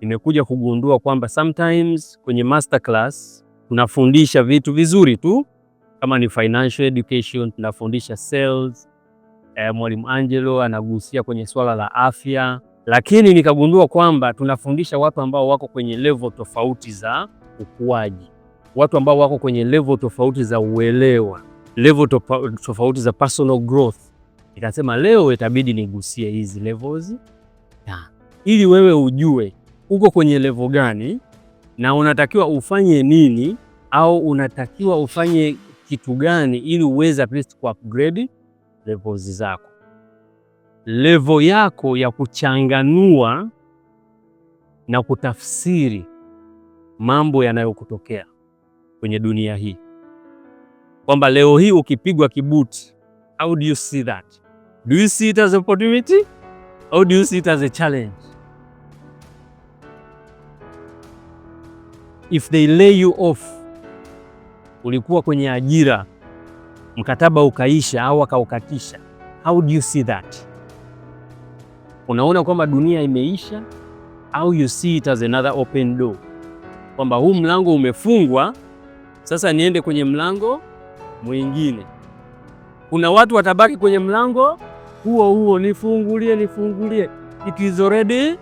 nimekuja kugundua kwamba sometimes kwenye masterclass tunafundisha vitu vizuri tu kama ni financial education, tunafundisha sales eh, Mwalimu Angelo anagusia kwenye swala la afya, lakini nikagundua kwamba tunafundisha watu ambao wako kwenye level tofauti za ukuaji, watu ambao wako kwenye level tofauti za uelewa, level tofauti za personal growth. Nikasema leo itabidi nigusie hizi levels, ili wewe ujue uko kwenye levo gani na unatakiwa ufanye nini au unatakiwa ufanye kitu gani ili uweze at least ku upgrade levels zako. levo yako ya kuchanganua na kutafsiri mambo yanayokutokea kwenye dunia hii, kwamba leo hii ukipigwa kibuti, how do you see that? Do you see it as opportunity or do you see it as a challenge? if they lay you off, ulikuwa kwenye ajira mkataba ukaisha au akaukatisha, how do you see that? Unaona kwamba dunia imeisha au you see it as another open door, kwamba huu mlango umefungwa, sasa niende kwenye mlango mwingine. Kuna watu watabaki kwenye mlango huo huo, nifungulie, nifungulie, it is already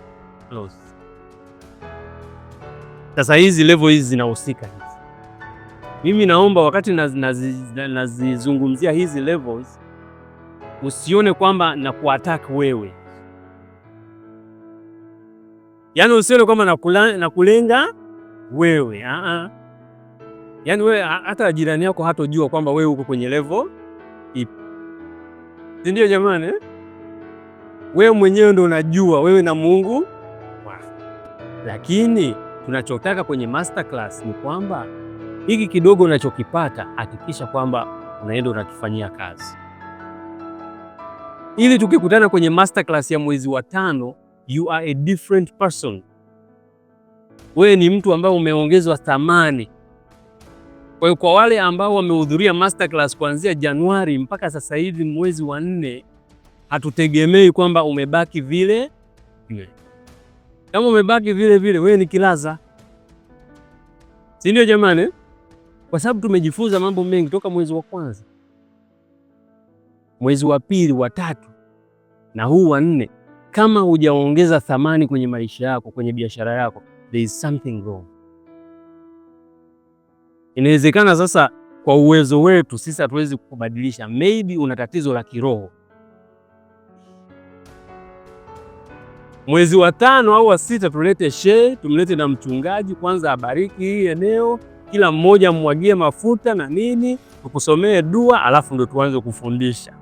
closed. Sasa hizi level hizi zinahusika hizi. Mimi naomba wakati nazizungumzia nazi, nazi hizi levels usione kwamba na kuattack wewe, yaani usione kwamba na kulenga wewe uh -uh. Yaani wewe hata jirani yako hatojua kwamba wewe uko kwenye level ipi, si ndio jamani Wewe eh? mwenyewe ndo unajua wewe na Mungu, lakini tunachotaka kwenye masterclass ni kwamba hiki kidogo unachokipata hakikisha kwamba unaenda unakifanyia kazi, ili tukikutana kwenye masterclass ya mwezi wa tano, you are a different person. Wewe ni mtu ambaye umeongezwa thamani. Kwa hiyo kwa wale ambao wamehudhuria masterclass kuanzia Januari mpaka sasa hivi mwezi wa nne, hatutegemei kwamba umebaki vile vile. Kama umebaki vile vile, wewe ni kilaza, si ndio jamani? Kwa sababu tumejifunza mambo mengi toka mwezi wa kwanza, mwezi wa pili, wa tatu na huu wa nne. Kama hujaongeza thamani kwenye maisha yako, kwenye biashara yako, there is something wrong. Inawezekana sasa, kwa uwezo wetu sisi hatuwezi kubadilisha, maybe una tatizo la kiroho mwezi wa tano au wa sita tulete shehe, tumlete na mchungaji kwanza, abariki hii eneo, kila mmoja mmwagie mafuta na nini, tukusomee dua, alafu ndo tuanze kufundisha.